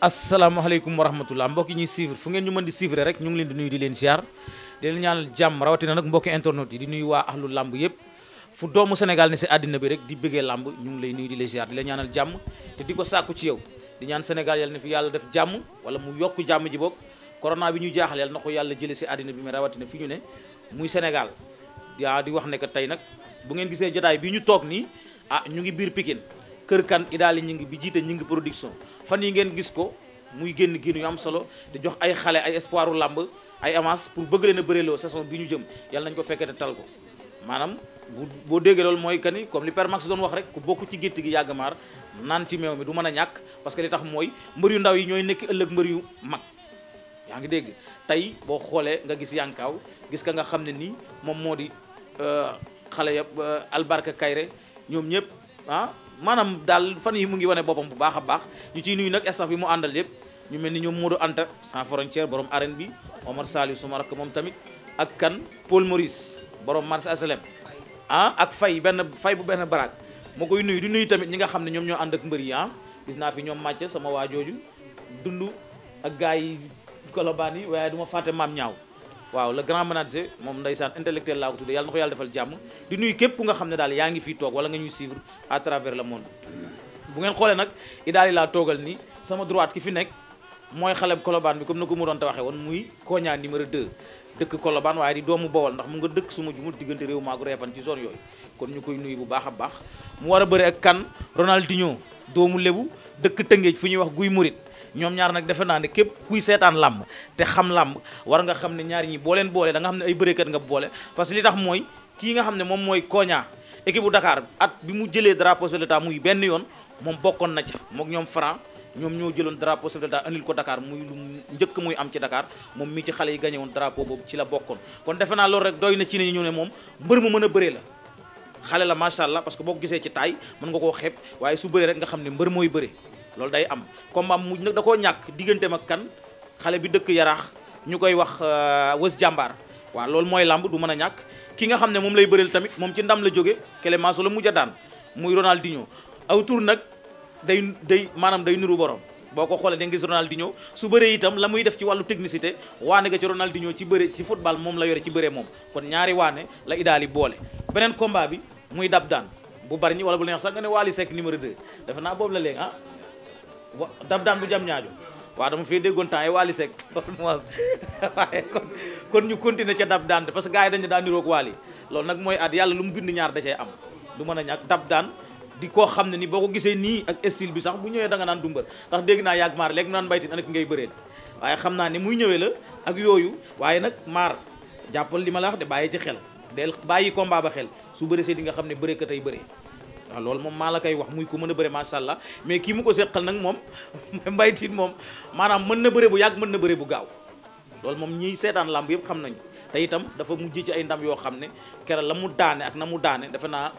asalaamaaleykum wa rahmatullah mbokki ñuy suivre fu ngeen ñu mën di suivre rek ñu ngi leen di nuyu di leen ziar di leen ñaanal jàmm rawatina nag mbokki internet yi di nuyu waa ahlu làmb yëpp fu doomu Sénégal ne si àddina bi rek di bëggee làmb ñu ngi lay nuyu di leen ziar di leen ñaanal jàmm te di ko sàkku ci yow di ñaan Sénégal yal na fi yàlla def jàmm wala mu yokk jàmm ji boog corona bi ñu jaaxal yal na ko yàlla jëlee si àddina bi mais rawatina fi ñu ne muy Sénégal yaa di wax ne que tey nag bu ngeen gisee jotaay bi ñu toog nii ah ñu ngi biir Pikine kër kan idaali ñi ngi bi jiite ñi ngi production fan yi ngeen gis ko muy génn génn yu am solo di jox ay xale ay espoiru làmb ay avance pour bëgg leen a bëreeloo saison bi ñu jëm yàlla nañu ko fekkee te tal ko maanaam boo déggee loolu mooy que ni comme li Père Max doon wax rek ku bokk ci gétt gi yàgg maar naan ci meew mi du mën a ñàkk parce que li tax mooy mbër yu ndaw yi ñooy nekk ëllëg mbër yu mag yaa ngi dégg tey boo xoolee nga gis yankaaw gis ka nga xam ne nii moom moo di euh, xale ya euh, albarka kayre ñoom ñëpp ah, maanaam daal fan yi mu ngi wane boppam bu baax a baax ñu ci nuyu nag staff bi mu àndal yëpp ñu mel ni ñoom Modou Anta sans frontière borom arène bi Omar Saliou suma rakk moom tamit ak kan Paul Maurice borom marché aslem ah ak fay benn fay bu benn baraag moo koy nuyu di nuyu tamit ñi nga xam ne ñoom ñoo ànd ak mbër yi ah. gis naa fi ñoom màcc sama waa jooju dund ak gars yi Kolobaan yi waaye du ma fàtte maam ñaaw waaw la grand manager moom ndeysaan intellectuel laa ko tuddee yàlla na ko yàlla defal jàmm di nuyu képp ku nga xam ne daal yaa ngi fii toog wala nga ñuy suivre à travers le monde bu ngeen xoolee nag idaali laa toogal ni sama droite ki fi nekk mooy xaleb kolobaan bi comme na ko mu doon te waxee woon muy koñaa numéro 2 dëkk kolobaan waaye di doomu bowal ndax mu nga dëkk suma jumul diggante réew maago reefan ci zone yooyu kon ñu koy nuyu bu baax a baax mu war a bëri ak kan Ronaldinho doomu lébu dëkk tëngeej fu ñuy wax guy murit ñoom ñaar nag defe naa ne képp kuy seetaan làmb te xam làmb war nga xam ne ñaar ñi boo leen boole da xam ne ay bëreekat nga boole parce que li tax mooy kii nga xam ne moom mooy Koña équipe bu Dakar at bi mu jëlee drapeau chef de benn yoon moom bokkoon na ca mook ñoom Franc ñoom ñoo jëloon drapeau chef de l'État ko Dakar muy lu njëkk muy am ci Dakar moom mii ci xale yi gagné woon drapeau boobu ci la bokkoon kon defe naa loolu rek doy na ci ne ñu ne moom mbër mu mën a bëree la xale la macha allah parce que boo gisee ci taay mën nga koo xep waaye su bëree rek nga xam ne mbër mooy bëree loolu day am combat mujj nag da koo ñàkk digganteem ma kan xale bi dëkk yaraax ñu koy wax euh, wës jàmbaar waaw loolu mooy làmb du mën a ñàkk ki nga xam ne moom lay bëreel tamit moom ci ndam la jóge Clémenceau la mujj a daan muy Ronaldinho aw tur nag day day maanaam day nuru borom boo ko xoolee da nga gis Ronaldinho su bëree itam la muy def ci wàllu technicité waane nga ci Ronaldinho ci bëre ci football moom la yore ci bëre moom kon ñaari waane la idaali boole beneen combat bi muy dab daan bu bari ñi wala bu la neex sax nga ne Wally Seck numéro 2 dafa naa boobu la léegi ah wa dab daan bu jam ñaajo waa dama fee déggoon temps yi Waly Seck waaye kon kon ñu kontine ca dab daan parce que gars yi dañu daan niroog Waly loolu nag mooy at yàlla lu mu bind ñaar da cay am du mën a ñàkk daf daan di koo xam ne ni boo ko gisee nii ak style bi sax bu ñëwee danga nga naan dumbër ndax dégg naa yàgg maar léegi mu naan mbaytin anak ngay bëree waaye xam naa ni muy ñëwee la ak yooyu waaye nag maar jàppal li ma la wax de bàyyi ci xel del bàyyi combat ba xel su bëre see di xam ne bëre ka tey bëree waaw ah, loolu moom maa la koy wax muy ko mën a bëre macha allah mais kii mu ko seqal nag moom Mbaye Tine moom maanaam mën na bëre bu yàgg mën na bëre bu gaaw loolu moom ñiy seetaan làmb yëpp xam nañu te itam dafa mujj ci ay ndam yoo xam ne kera la mu daane ak na mu daane defe naa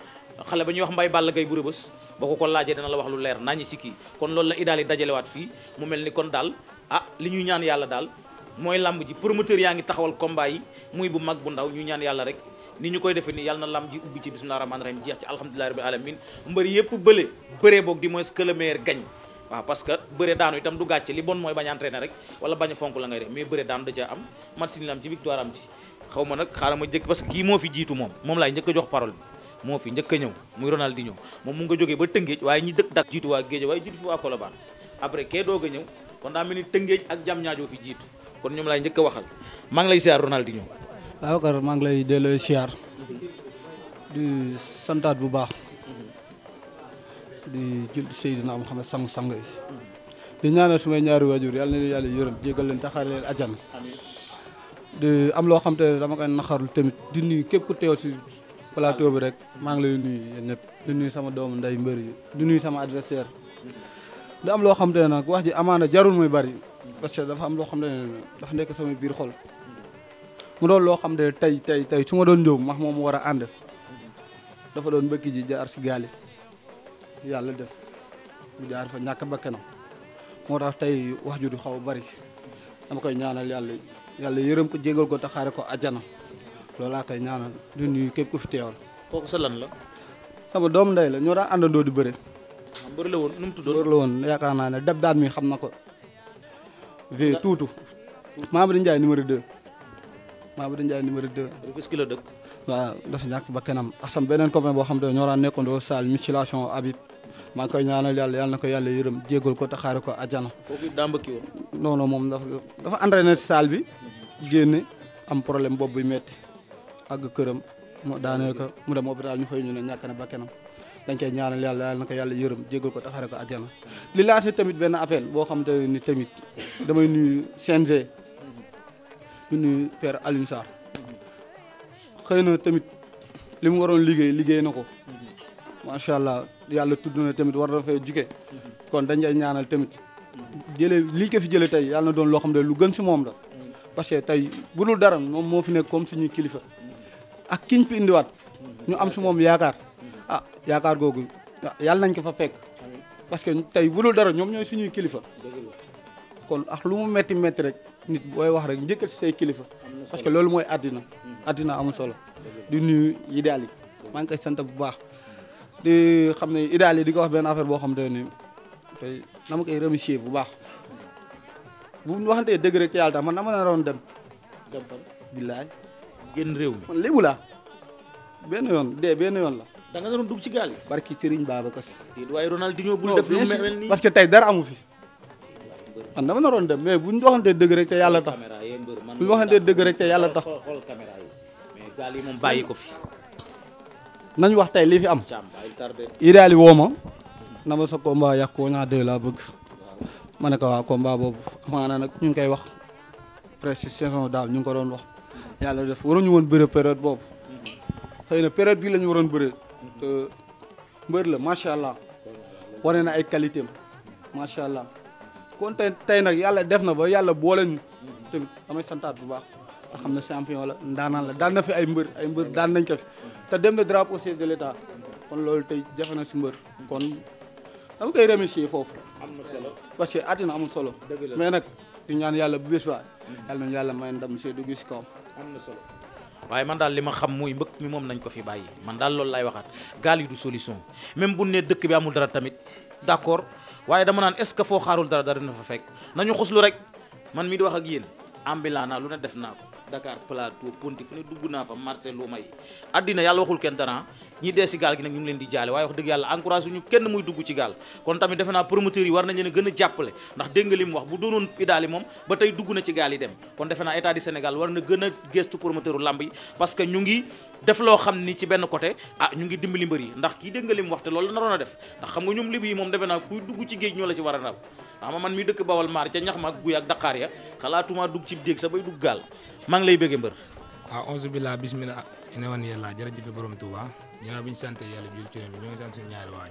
xale ba ñuy wax mbay Balla Gaye bu rëbës boo ko ko laajee dana la wax lu leer nañu ci kii kon loolu la idaal yi dajalewaat fii mu mel ni kon daal ah li ñuy ñaan yàlla daal mooy làmb ji promoteur yaa ngi taxawal combat muy bu mag bu ñu ñaan yàlla rek ni ñu koy defee nii yàlla na lam ji ubbi ci bisimilah rahmaani rahim jeex ci alhamdulilah rabbil alamin mbër yëpp bële bëree boog di moins que le meilleur gagne waaw parce bëre daanu itam du gàcce li bon mooy bañ a rek wala bañ a fonk la ngay def mais bëre daanu da ca am man si ni lam ci victoire am ci xaw ma nag xaaral ma jëkk parce kii moo fi jiitu moom moom laay njëkk a jox parole bi moo fi njëkk a ñëw muy Ronaldinho moom mu nga jógee ba Tëngéej waaye ñi d dak waa Géej waaye jiitu fi waa Colobane après kee doog a ñëw kon daa mel ni Tëngéej ak jam ñaajoo fi jiitu kon ñoom laay njëkk a waxal maa ngi lay siyaar Ronaldinho Babacar maa ngi lay delloo siyaar di santaat bu baax di jul Seydina Muhammad sang-sang yi di ñaanal sumay ñaari waajur yàlla na leen yàlla yërëm jégal leen taxaare leen ajjan loo xam te dama koy naxarul tamit di nuyu képp bi rek maa ngi lay nuyu yéen sama doomu nday mbër yi di nuyu sama adversaire di am loo xam te nag wax ji amaana jarul muy bari parce que dafa am loo xam te ne dafa nekk sama biir xol mu doon loo xam ne tey tey tey su ma doon ñëw max moom war a ànd doon mbëkki ji jaar si gaali yàlla def jaar fa ñàkk bakkanam moo tax tey wax ju du xaw a bari dama koy ñaanal yàlla yàlla yërëm ko jégal ko taxaare ko ajana loolu laa koy ñaanal du nuyu képp ku fi teewal. sa lan la. sama ndey la ñoo daan àndandoo di bëre. Ah, mbër la woon nu la yaakaar naa ne dab daan mi xam na ko. vie tuutu Mamadou Ndiaye numéro 2. Mamadou Ndiaye numéro 2. Rufisque la dëkk. waaw dafa ñàkk ba kanam ak sama beneen copain boo xam ne ñoo daan nekkandoo salle mutilation Habib maa ngi koy ñaanal yàlla yàlla na ko yàlla yërëm jéggal ko taxaare ko àjjana. kooku daa mbëkki woon. non non moom dafa dafa entraîné salle bi génne am problème boobu buy metti àgg këram mu daaneel ko mu dem hôpital ñu xëy ñu ne na dañ koy ñaanal yàlla na yàlla yërëm jéggal ko taxaare ko àjjana. li laata tamit benn appel boo xam te ni tamit damay nuyu CNG. du nuyu père Alioune xëy na tamit li mu waroon liggéey liggéey na ko macha allah yàlla tudd na tamit war na fay kon dañ lay ñaanal tamit jële lii ko fi jëlee tey yàlla na doon loo xam ne lu gën si moom la. parce que tey bu dul dara moom moo fi nekk comme suñuy kilifa ak kiñ fi indiwaat ñu am si moom yaakaar ah yaakaar googu ah, yàlla nañ ko fa fekk parce que tey bu dul dara ñoom ñooy suñuy kilifa kon ak lu mu metti metti rek. nit booy wax rek njëkkat si say kilifa parce que loolu mooy àddina àddina amul solo di nuyu idaal yi maa ngi koy sant bu baax di xam ne idaal yi di ko wax benn affaire boo xam te ni tey koy remercier bu baax bu waxantee dëgg rek yàlla tax man dama naroon dem dem fan billaay génn réew mi man laa benn yoon yoon la da nga naroon dugg ci gaal yi barki Serigne Babacar nii parce que tey dara amu fi man dama naroon dem mais bu ñu waxantee dëgg rek te yàlla tax bu ñu waxantee dëgg rek te yàlla tax gaal yi moom bàyyi ko fi. nañ wax tey li fi am. idaali woo ma. na ma sa combat yàqu naa de laa bëgg. ma ne ko waa combat boobu amaana nag ñu ngi koy wax presque saison daaw ñu ngi ko doon wax. yàlla def waruñu woon bëre période boobu. Mm-hmm. xëy na période bii la ñu waroon bëre. Mm-hmm. mbër la macha allah. wane na ay qualité am kon tey tey nag yàlla def na ba yàlla boole ñu tamit damay santaat bu baax xam ne champion la ndaanaan la daan na fi ay mbër ay mbër daan nañ ko te dem na drapeau chef de l'état kon loolu tey jafe si mbër kon dama koy remercier foofu. am na solo parce que àddina amul solo. mais nag di ñaan yàlla bu bés ba yàlla nañu yàlla may ndam si dugg si kaw am na solo waaye man daal li ma xam mooy mbëkk mi moom nañ ko fi bàyyi man daal loolu laay waxaat gaal yi du solution même bu ne dëkk bi amul dara tamit d'accord. waaye dama naan est-ce que foo xaarul dara dara dina fa fekk nañu xuslu rek man mi di wax ak yéen ambulant naa lu ne def naa ko dakaar Plateau Ponty fu ne dugg naa fa marché lu may addina yàlla waxul kenn dara ñi dee si gaal gi nag ñu ngi leen di jaale waaye wax dëgg yàlla encouragé ñu kenn muy dugg ci gaal kon tamit defe naa promoteurs yi war nañ leen a gën gaal yi dem kon defe naa état du Sénégal war na a gestu promoteur u làmb yi parce que ñu ngi def loo xam ni ci benn côté ah ñu ngi dimbali mbër yi ndax kii dégg nga li mu wax te loolu la naroon a def ndax xam nga ñoom lib yi moom defe naa kuy dugg ci géej ñoo la ci war a raw ama ah man mi dëkk bawal maar ca ñax ma ak guy ak daqaar ya xalaatuma dugg ci déeg sa dugg gaal maa ngi lay bëgge mbër waaw onze billah bismillah ne woon yàlla jërëjëf borom Tuuba ginnaaw bi ñu sant yàlla jël ci bi sant suñu ñaari waa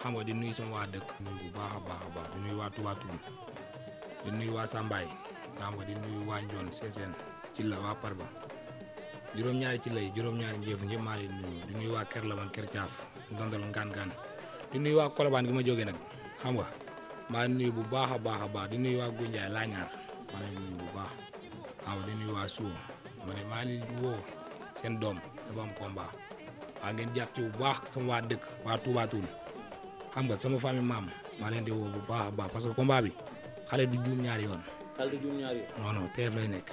xam nga di nuy sama waa dëkk nuyu bu baax a baax a baax di nuyu waa Touba di nuyu waa Sambaay xam nga di nuyu waa Njoon Seeseen ci la waa Parba juróom-ñaari ci lay juróom-ñaari njëf ñëpp maa leen nuyu di nuyu waa Kër Laman Kër Caaf Ndondol Ngaan Ngaan di nuyu waa Kolobaan gi ma joge nag xam nga maa nuyu bu baax a baax a baax di nuyu waa Gunjaay Laañaar maa leen nuyu bu baax xam nga di nuyu waa Suum ma maa leen woo seen doom waa ngeen jàpp ci bu baax sama waa dëkk waa Touba Toul xam nga sama famille maam maa leen di woo bu baax a baax parce que combat bi xale du juum ñaari yoon. xale du juum ñaari yoon. non non teef lay nekk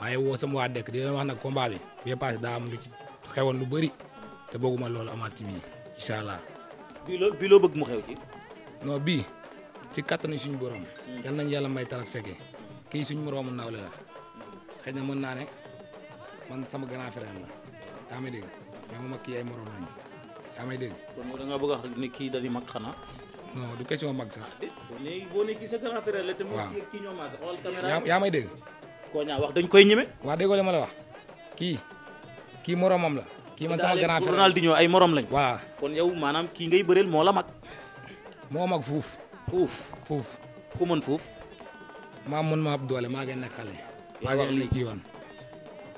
waaye woo sama waa dëkk di leen wax nag combat bi bee passé daa am lu ci xewoon lu bëri te bëgguma loolu amaat ci bii incha allah. bii loo bii loo bëgg mu xew ci. non bii ci kattanu suñu borom. Hmm. yal nañu yàlla may tarak fekkee kii suñu moroomu nawle la xëy na mën naa ne man sama grand frère la yaa ngi dégg mais moom ak kii ay morom lañu yaa may dégg. kon a kii dañuy mag xanaa. non du question mag sax. léegi boo nekkee sa may dégg. koo ñaa wax dañ koy ñeme. wax déggoo li ma la wax kii kii moromam la. kii man sama grand frère Ronaldinho ay moroom lañ. waa kon yow maanaam kii ngay bëreel moo la mag. moo mag fuuf. fuuf ku mën fuuf. maa mën maa doole maa ngi nekk xale. maa ngi kii woon.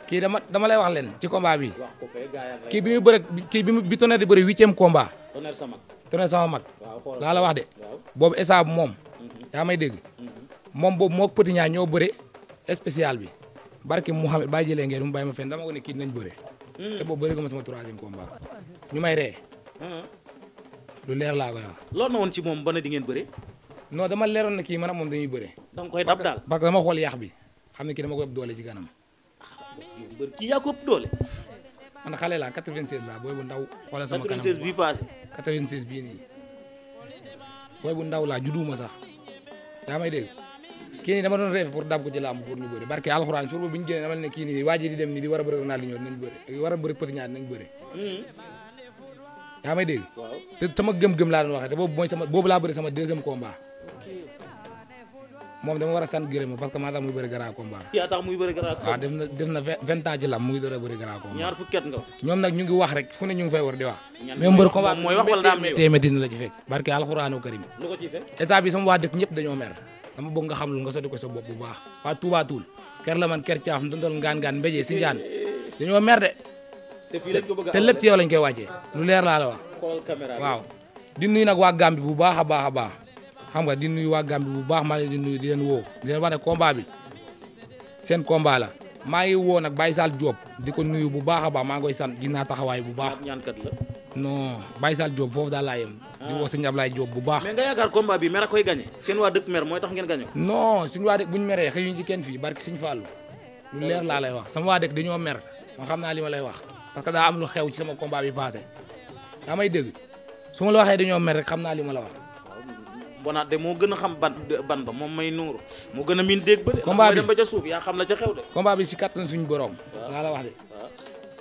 kii dama dama lay wax leen ci combat bi kii bi mu kii bi bi Tonnerre di bëre huitième combat Tonnerre sama mag Tonnerre sama mag laa la wax de boobu esaab moom mhm. yaa may dégg mhm. moom boobu moo Petit Niang ñoo bëre spécial bi barki Mouhamed bàyyi jëlee ngeen mu bàyyi ma fenn dama ne kii dinañ bëre mhm. te boobu ko ñu may ree lu leer laa koy wax na woon ci moom ba di ngeen bëre non dama leeroon na kii man ak moom dañuy bëre danga koy dab parce que dama xool yàq bi xam ne kii dama koy doole ci kanam mbër kii yaa ko ëpp doole. man xale laa 96 laa booy bu ndaw. wala sama kanam 96 bii passé. 96 bii nii booy bu ndaw laa judduma sax yaa may dégg kii nii dama doon rêve pour dab ko ci làmb pour ñu bëri barke alxuraan suur bi ñu génnee dama ne kii nii waa ji di dem nii di war a bëri Ronaldinho dinañ bëri war a bëri Petit Niang dinañ bëri. Mm-hmm. yaa may dégg. waaw te sama gëm-gëm laa doon waxee boobu mooy sama boobu laa bëri sama deuxième combat. moom dama war a sant gërëm parce que maa tax muy bëri grand combat. yaa tax muy def na vingt ans ci lam muy door a bëri ñoom nag ñu wax rek fu ne ñu ngi war di wax. mais mbër combat mooy wax wala na la ci fekk. barke alxuraanu karim. lu ko sama waa dëkk ñëpp dañoo mer dama bëgg nga xam lu nga sotti ko sa bu baax waa Touba Toul ker la man ker caaf ndondol ngaan ngaan mbéjee si jaan dañoo mer de te lépp ci yow lañ koy wàccee lu leer laa la waa Gambie bu a baax a xam nga di nuyu waa Gambie bu baax maa leen di nuyu di leen woo di leen wax ne combat bi la maa ngi woo nag Baye Sall Diop di ko nuyu bu baax a baax maa ngi koy sant dinaa taxawaay bu baax. ñaankat la. non Baye Sall Diop laa yem. Ah. di woo sëñ Ablaye Diop bu baax. mais nga yaakaar combat bi mer a koy gagné seen waa dëkk mer mooy tax ngeen gagné ko. non suñu waa dëkk buñ meree xëyuñ ci kenn fii barki sëñ Fallou lu leer laa lay wax sama waa dëkk dañoo mer man xam naa li ma lay wax parce que daa am lu xew ci sama combat bi passé daa may dégg su ma la waxee dañoo mer rek xam naa li ma la wax bonaat de moo gën a xam ban ban ba moom may nuuru moo gën a ba de combat si kattan suñu borom laa wax de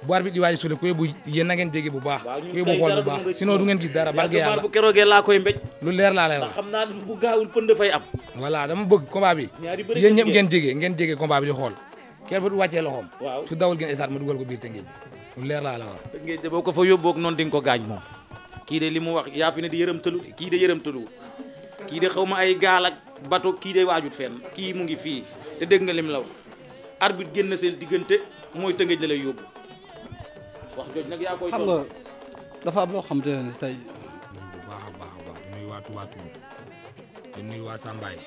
bu arbitre di waaji sule ku yóbbu yéen na ngeen dégg bu baax ku yóbbu xool bu baax sinon du ngeen gis dara barke yàlla bu koy mbéj lu leer laa wax bu gaawul pënd fay am voilà dama bëgg combat bi yéen ñëpp ngeen déggee ngeen déggee combat bi di xool kenn ba du wàccee loxoom su dawul ngeen esaat ma dugal ko biir te ngeen lu leer laa wax kii de xaw ma ay gaal ak bato kii de waaju fenn kii mu ngi fii te dégg nga lim la wax arbitre génn seen diggante mooy tëngëj la lay yóbbu wax jooj nag yaa koy. xam nga dafa am baax a baax a baax di nuyu waa Touba Toul di nuyu waa Sambaay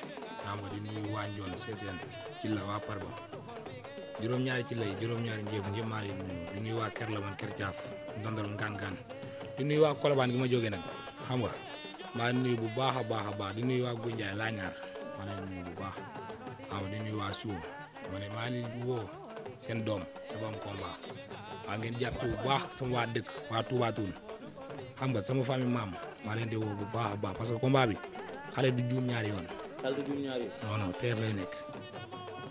xam nga di nuyu waa Ndiol Sessène ci la waa Parba juróom-ñaari ci lay juróom-ñaari njëf ñëpp maa leen di nuyu waa Kër Lamane Kër Jaaf Ndondol Ngaan Ngaan di nuyu waa Kolobaan gi ma jógee nag xam nga. maa ngi bu baax a baax a baax di nuy waa Guy Ndiaye Laañaar maa ngi bu baax waaw di nuyu waa Suum ma maa ngi woo seen doom dafa am combat waa ngeen jàpp ci bu baax sama waa dëkk waa Touba Toul xam nga sama famille maam maa leen di woo bu baax a baax parce que combat bi xale du juum ñaari yoon. xale du juum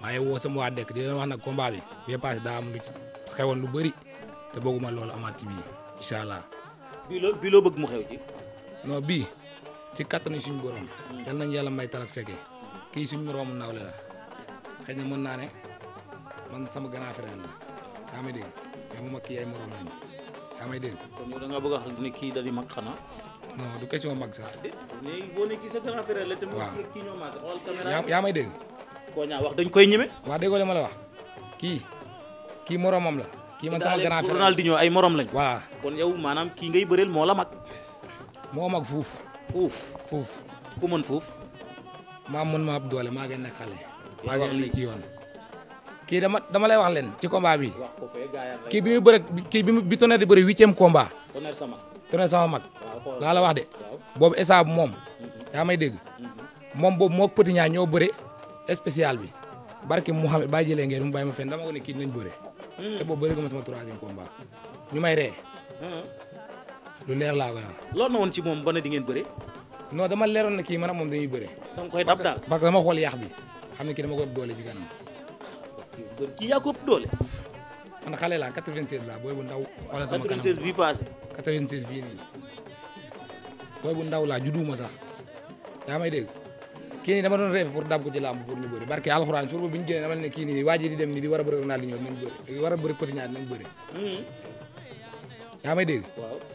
maa ngi woo sama waa dëkk di leen wax nag combat bi bee passé daa ci xewoon lu bëri te bëgguma loolu amaat ci bii incha allah. bii loo bëgg mu xew ci. ci kattanu suñu borom yal nañu yàlla may tarak fekkee kii suñu moroomu nawle la xëy na mën naa ne man sama grand frère la yaa may dégg mais moom ak kii ay a wax ne mag xanaa. non du question mag sax. léegi boo ne kii sa grand frère la. waaw te kii dañ koy ñeme. waaw déggoo li ma la wax kii kii moromam la. kii man sama grand frère Ronaldinho ay morom lañ. waaw kon yow maanaam kii ngay bëreel moo la mag. moo mag fuuf. fuuf fuuf ku mën fuuf maa mën maa doole maa gën nekk xale maa gën li ci kii dama dama lay wax leen ci combat bi kii bi muy bëre kii bi bi Tonnerre di bëre huitième combat Tonnerre sama mag laa la wax de boobu esaab moom mhm. yaa may dégg mhm. moom boobu moo Petit Niang ñoo bëre spécial bi barke Mouhamed bàyyi jëlee ngeen mu bàyyi ma fen dama ko ne kii dinañ bëre mhm. te boobu bëre gu ma sama troisième combat ñu may ree lu leer laa koy wax. loolu na woon ci moom ba ne di ngeen bëre. non dama na kii man ak moom dañuy da nga koy dab daal parce que xam ne kii dama ko ëpp doole ci kanam. kii yaa ko doole. man xale laa 96 laa booy bu ndaw. wala sama kanam bu ndaw laa judduuma sax yaa may dégg. kii nii dama doon rêve pour dab ko ci làmb pour ñu bëri barke alxuraan suur ba bi ñu génnee dama kii nii waa ji di dem nii di war a bëri naa di ñëw dinañ bëri war yaa may dégg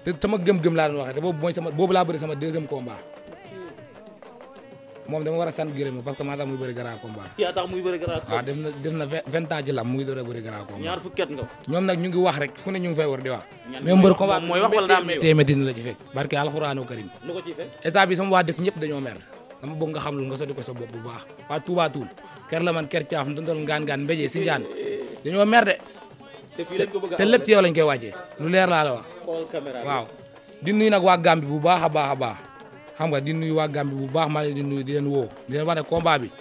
te sama gëm-gëm laa doon waxee te boobu mooy sama boobu laa bëri sama deuxième combat moom dama war a sant gërëm parce que maa tax ñoom nag ñu wax rek fu ne ñu war di wax. ñoom mbër combat mooy wax wala daa am téeméer la ci fekk barke alxuraanu karim lu bi sama waa dëkk ñëpp dañoo mer dama bëgg nga xam lu nga sotti ko sa bu baax waa Touba Toul ker la man ker caaf ndondol ngaan ngaan mbéjee si jaan eh, eh, eh. dañoo mer de te lépp ci yow lañ koy waaje lu leer laa la wax waaw di nuyu nag waa Gambie bu baax a baax a baax xam nga di nuyu waa Gambie bu baax maa ngi di nuyu di leen woo di leen wax bi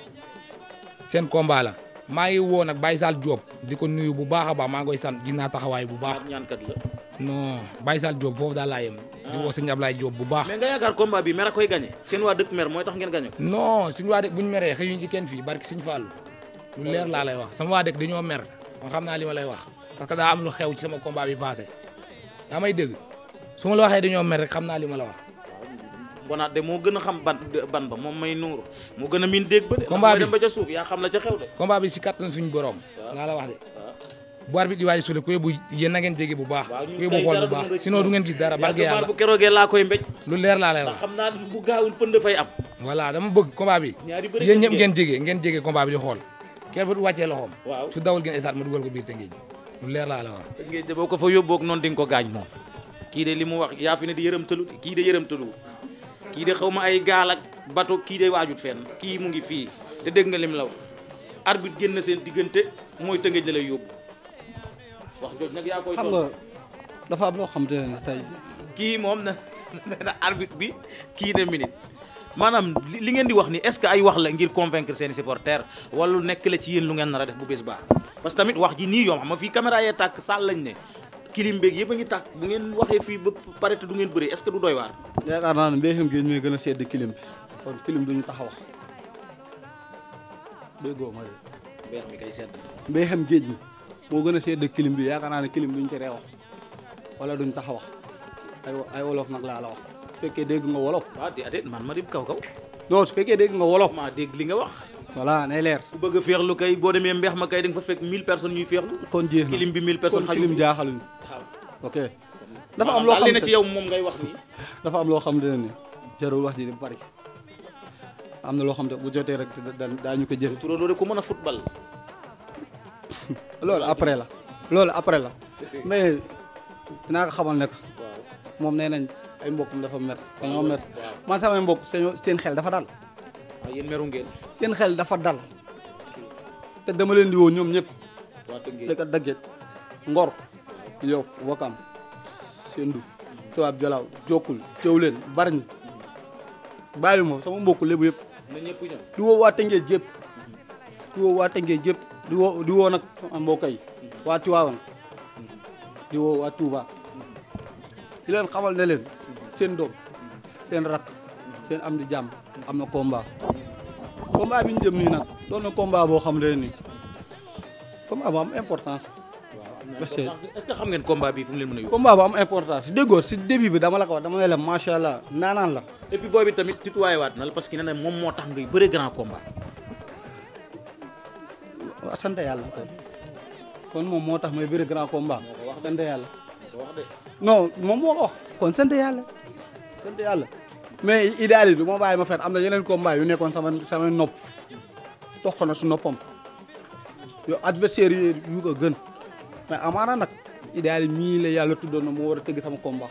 seen combat la maa ngi woo nag Baye Sall Diop di ko nuyu bu baax a baax maa ngi koy sant gis naa taxawaay bu baax ñaankat la non Baye foofu daal laa yem ah. di woo sëñ Ablaye Diop bu baax mais nga yaakaar combat bi mer a koy gagné seen waa dëkk mer mooy tax ngeen gagné non suñu waa dëkk buñu meree xëyuñ ci kenn fii barki sëñ Fallou lu leer laa lay wax sama waa dëkk dañoo mer man xam naa li ma lay wax parce que daa am lu xew ci sama combat bi passé may dégg su ma la waxee dañoo mer rek xam naa li ma la wax. bonaat moo gën a xam ban ban ba moom may nuuru moo gën a yaa xam la ca xew de. combat bi si kattan suñu borom. nga la wax de. bu arbitre di waaj sule ku bu baax ku yóbbu xool ngeen gis dara barke yàlla bu laa koy mbéj lu leer xam naa bu gaawul pënd fay am voilà dama bëgg combat bi yéen ñëpp ngeen jege ngeen jégee combat bi di xool kenn bu wàccee loxoom su dawul ngeen esaat ma dugal ko biir te ngeej lu leer laa la wax. ngeen de boo ko fa yóbboog noonu di nga ko gaañ moom. kii de li mu wax yaa fi ne di yërëmtalu kii de yërëmtalu kii de xaw ma ay gaal ak bato kii de waaju fen kii mu ngi fii te dégg nga lim la wax. arbitre génn seen diggante mooy tëngëj la lay yóbbu wax jooj nag yaa xam nga dafa am loo xam te ne tey. kii moom na nee na arbitre bi kii ne minute. maanaam li ngeen di wax ni est-ce que ay wax la ngir convaincre seeni supporters wala nekk la ci yéen lu ngeen nar a def bu bés baax parce que tamit wax ji nii yomb xam nga fii caméra yee tàkk sàll lañ ne kilim beeg yëpp a ngi tàkk bu ngeen waxee fi ba pare te du ngeen bëree est-ce que du doy waar. yaakaar naa ne mbéyum géej ñooy a sedd kilim bi kon kilim duñu tax a wax déggoo ma mi kay sedd. mbéyam géej mi moo gën a sedd kilim bi yaakaar naa ne kilim duñu teree wax wala duñu tax a wax ay ay wolof nag laa la wax. fekkee dégg nga wolof. waaw ah, déedéet man ma di kaw kaw. non fekkee dégg nga wolof. maa li nga wax. voilà nay leer. ku bëgg a kay boo demee mbeex ma kay da nga fa fekk 1000 personnes ñuy féexlu. kon jeex na kilim bi 1000 personnes. xajul kon kilim jaaxaluñu. waaw ok. dafa am loo xam ne ci wax nii. am loo xam ne ne jarul wax bu bari am na loo xam ne bu jotee rek daañu ko jëf. turandoo de ku mën a football. loolu après la. loolu après la mais dinaa ko xamal ne moom nee ay mbokkam dafa mer dañoo samay mbokk seen xel dafa dal ah, yéen seen xel dafa dal te dama leen di woo ñoom ñëpp dëkka dagget ngor yow wakam seen du tubaab jolaaw jokkul cëw leen bari ñi sama mbokk lebu yépp di woo waa Tëngéej yëpp di woo waa Tëngéej yëpp di woo di woo nag waa Tiwaawan di woo waa Touba di leen xamal ne leen seen doom seen rakk seen am di jàmm am na combat combat bi ñu jëm nii nag doon na combat boo xam ne nii combat bu am importance. parce que est-ce xam ngeen combat bi fu mu leen mën a am importance déggoo si début bi dama la ko wax dama ne la macha allah naanaan la. et puis booy bi tamit tutoyé waat na la parce que nee na moom moo tax ngay bëre grand combat. waaw sant yàlla kon moom moo tax may bëre grand combat. sant wax kon sant yàlla. sant yàlla mais idéal yi du ma bàyyi ma fen am na yeneen combat yu nekkoon sama sama nopp toq na su noppam yow adversaire yi yu ko gën mais amaana nag idéal yi mii la yàlla tuddoon na moo war a tëgg sama komba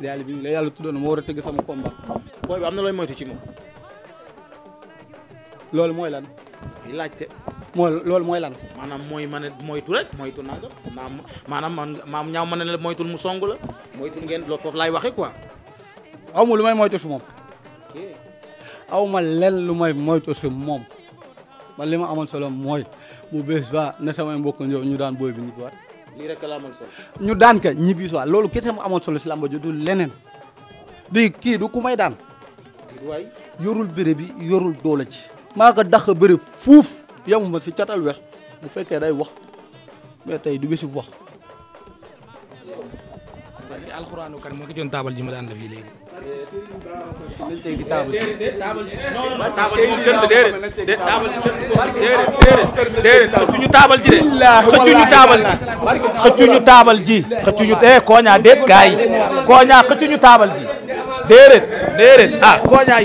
idéal bi la yàlla tuddoon na moo a tëgg sama combat. booy bi am na looy moytu ci moom. loolu mooy lan. di laajte. mooy loolu mooy lan. maanaam mooy man moytu rek moytu naa ko maanaam man maam ñaaw ma ne la moytul mu song la moytul ngeen loolu foofu laay waxee quoi. aw ma lu may moytu si moom aw len lu may moytu si moom man li ma amoon solo mooy mu bees ba ne samay mbokk ñëw ñu daan bi ñibbi waat. lii ñu daan ka ñibbi si loolu kese ma amoon solo si lamba ju du leneen du kii du ku may daan. waay yorul bëre bi yorul doole ci. maa ko dàq bëre fuuf yemuma si catal weex bu fekkee day wax mais tey du bési wax. alxuraanu kan moo ko joon taabal ji ma daan def yi taabal ji taabal ji moom kër la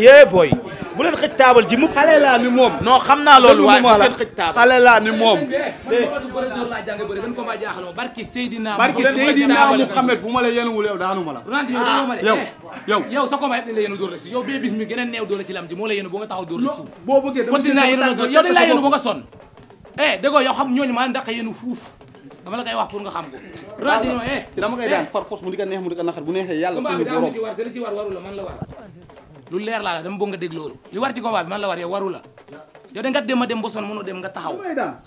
bu leen xëj taabal ji mukk xale laa ni moom non xam naa loolu waaye bu leen xëj taabal xale laa ni moom eh, barki Seydina barki Seydina Muhammad bu ma la yenuwul yow daanu ma la eh, yow sa combat dañ la yenu dóor la si yow bee bis mi gën a neew dóor la ci ji moo la yenu bo nga taxaw dóor la suuf boo bëggee yow dañ laa yenu bo nga sonn eh déggoo yow xam ñooñu maa ndax yenu fuuf la koy wax pour nga xam ko eh. dama koy daan par force mu di ko neex lu leer laa la dama nga dégg loolu li war ci combat bi man la war yow waru la yow da nga dem ma dem ba sonn mënoo dem nga taxaw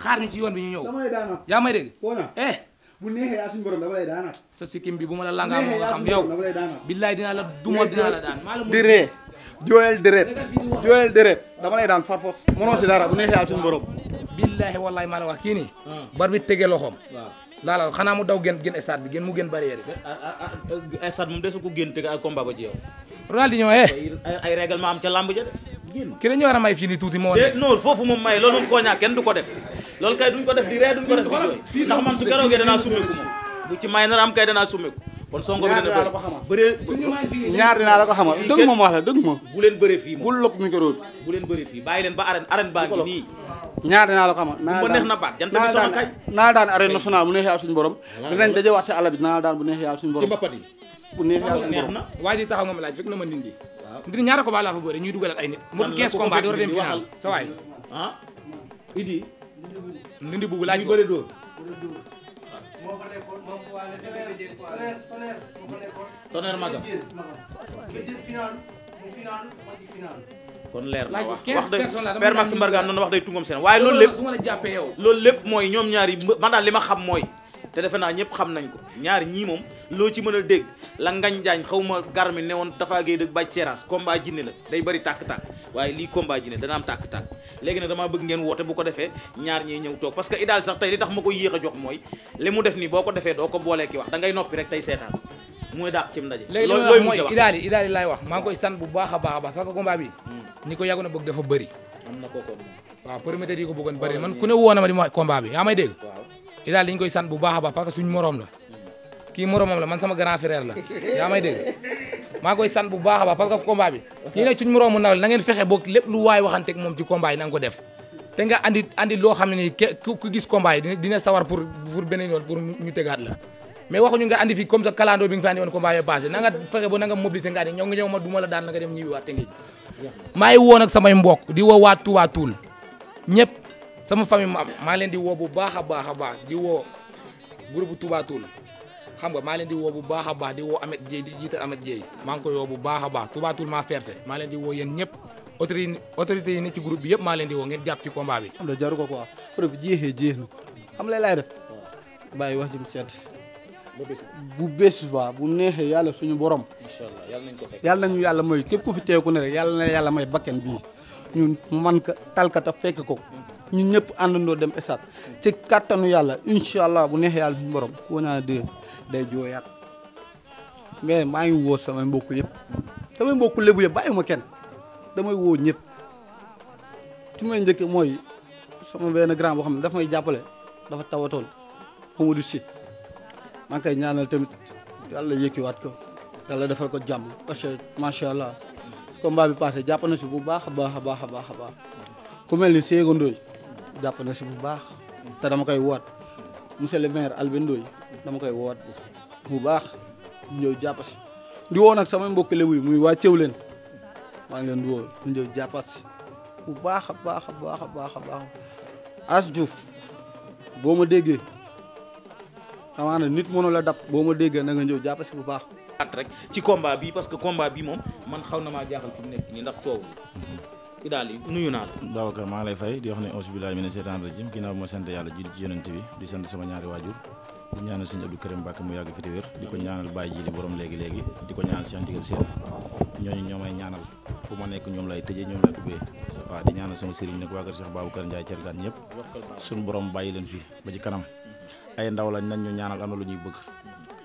xaar ñu ci yoon bi ñu ñëw yaa may dégg eh. bu neexee yaa suñu borom dama lay sa sikkim bi bu ma la langaa moo nga xam yow billaay dinaa la duma dinaa la daan maa la di ree jooyal deret jooyal deret dama lay daan farfos mënoo si dara bu neexee yaa suñu borom billaahi wallaahi maa la wax kii nii ah. bar bi tege loxoom laala xanaa mu daw gën gën stade bi gën mu gën barrière yi. Ah, ah, ah, stade moom desu ko gën tëgg ak combat ba ci yow. Ronaldinho eh. ay règlement am ca làmb ja de génn. ki dañu war a may fii nii tuuti moo. de non foofu moom may loolu moom koo kenn du ko def loolu kay duñ ko def di ree duñ ko def di ndax man su keroogee danaa summeeku moom ci may nara am kay danaa summeeku kon songo bi dina bëri ñaar dinaa la ko xamal dëgg ma ma wax ma bu leen bëri fii moom bul lopp bu leen bëri fii leen ba arène arène baa ngi nii ñaari naa la ko amal. daan na baat jant bi sonal kay naa daan arène nationale bu neexee yàlla suñu borom. dinañ dajewaat si bu neexee yàlla borom. ci mbapat nga ma laaj fekk na ma nindi. waaw ndir ko ba laa fa bëre ñuy dugalaat ay nit. mu 15 combat di war a dem final ko bëri dóor. moo fa nekkoon moom waa la ma kon leer na wax wax de day tungam seen waaye loolu lépp su ma la jàppee yow loolu lépp mooy ñoom xam mooy ko ñaar ñii moom loo ci mën a dégg la ngañ jaañ xaw ma gar mi woon tafaagéey dëgg bàj seeraas combat jinne la day bëri tàkk-tàkk waaye lii combat jinne dana am tàkk-tàkk léegi nag damaa bëgg ngeen woote bu ko defee ñaar ñiy ñëw toog parce que idaal sax tey li tax ko yéex a jox mooy li mu boo ko defee doo ko boolee wax da noppi rek tey seetaan mooy dàq cim ndaje léegi looy mujj wax laay wax maa ngi koy sant bu baax a baax a baax ñi ko yàggoon a bëgg dafa bëri. am na man ku ne woon na ma di ma yaa may dégg. waaw Idaal koy sant bu baax a baax parce que suñu morom la. kii moromam la man sama grand frère la yaa may dégg maa koy sant bu baax a baax parce que combat bi. ñi ne suñu moromu boog lépp lu waay waxanteeg moom ci combat yi na nga ko def. te nga andi xam ne nii ku gis combat yi dina sawar pour ñu la mais waxuñu nga andi fi comme ça calando bi fi andi woon combat yi passé na nga fexe ba na nga mobiliser ma daan dem maa ngi woon ak samay mbokk di woo waa Touba Toul ñëpp sama famille ma am maa leen di woo bu baa a baax a baax di woo groupe Touba Toul xam nga maa leen di woo bu baax a baax di woo Ameth Dieye di jiital Ameth Dieye maa ngi koy woo bu baax a baax Touba maa ferte maa leen di woo yen ñëpp autorité autorité yi ne ci groupe bi yëpp maa leen di woo ngeen jàpp ci combat bi. am na jaru ko quoi jeex na bu bés ba bu neexee yàlla suñu borom. incha allah yàlla na ko fekk yàlla nañu yàlla mooy képp ku fi teeku ne rek yàlla na yàlla may bii ñun man ka talkata fekk ko. ñun ñëpp àndandoo dem esat ci kàttanu yàlla incha allah bu neexee yàlla suñu borom ku naa de day jooyaat mais maa ngi woo samay mbokk yëpp samay mbokk lébu yëpp bàyyiwuma kenn damay woo ñëpp su may njëkk mooy sama benn grand boo xam ne daf may jàppale dafa tawatoon Amadou Sy maa ngi ñaanal tamit yàlla yëkkiwaat ko yàlla defal ko jàmm parce que macha allah combat bi passé jàpp na si bu baax a baax a baax a baax a baax ku mel ni Ségo jàpp na si bu baax te dama koy woot monsieur le maire Albin dama koy woot bu baax ñëw jàpp si di nag sama mbokk yi muy waa Thiawlène maa ngi leen di woo ñu ñëw jàppaat si bu baax a baax a baax a baax a As Diouf boo ma déggee amaana nit mënu la dab boo ma déggee na nga ñëw jàpp si bu baax. at rek ci combat bi parce que combat bi moom man xaw na maa jaaxal fi mu nekk nii ndax coow li mhm. nuyu naa la. Babacar maa ngi lay fay di wax ne auzu billaahi mina seytaani rajiim ginnaaw ma sant yàlla julli ci yonent bi di sant sama ñaari waajur di ñaanal sëñ Abdou kër Mbacke mu yàgg fi te wér di ko ñaanal Baye ji li borom léegi léegi di ko ñaanal Cheikh Ndigal Sène ñooñu ñoo may ñaanal fu ma nekk ñoom lay tëjee ñoom lay ubbee waaw di ñaanal sama sëriñ nag waa kër Cheikh Babacar Ndiaye borom bàyyi leen fi ba ci kanam ay ndaw lañ nañ ñu ñaanal am na lu ñuy bëgg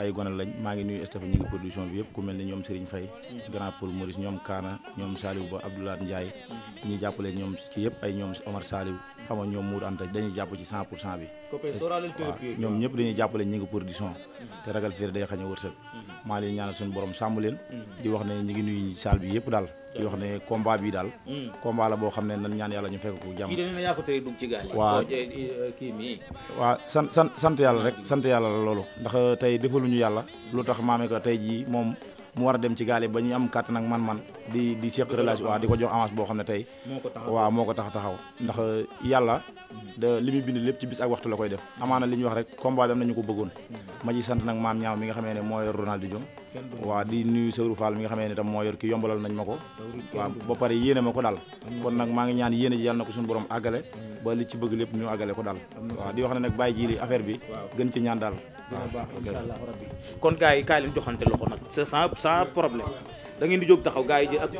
ay gone lañ maa ngi nuyu staff ñu ngi production bi yëpp ku mel ni ñoom Serigne Faye Grand Paul Maurice ñoom Kaana ñoom Saliou Ba Abdoulaye Ndiaye ñi jàppale ñoom ci yëpp ay ñoom Omar Saliou xam nga ñoom Mour Anta dañuy jàpp ci 100 pour cent bi waaw ñoom ñëpp dañuy jàppale ñu ngi production mm-hmm. te ragal fiir day xañ wërsëg maa leen ñaanal suñu borom sàmm leen. Mm. di wax ne ñu ngi nuyu saal bi yëpp daal. di wax ne combat bi daal. Mm. combat la boo xam ne nan ñaan yàlla ñu fekk ko jàmm. kii dañu ne yaa ko eh, eh, sant sant yàlla rek sant yàlla la loolu. ndax tey defaluñu yàlla. lu tax maame a tey jii moom mu war a dem ci gaal yi ba ñu am kàttan nag man-man di di seq relation waaw di ko jox avance boo xam ne tey waa moo ko tax taxaw ndax euh, yàlla mm-hmm. da li muy bind lépp ci bis ak waxtu la koy def amaana li ñu wax rek combat bi am nañu ko bëggoon mm-hmm. ma ci sant nag maam ñaaw mi nga xamee ne moo yor Ronaldo Diom waaw di nuyu Sëwru Fall mi nga xamee ne tam moo yor ki yombalal nañ ma ko waaw ba pare yéene ma ko daal kon nag maa ngi ñaan yéene ji yàlla na ko suñu borom àggale mm-hmm. ba li ci bëgg lépp ñu àggale ko daal waaw di wax na nag bàyyi ji bi gën ñaan daal dina ah, baax incha allah rabbi kon gars yi kaay leen joxante loxo nag c'est sans sans problème da ngeen di jóg taxaw gars yi ji ak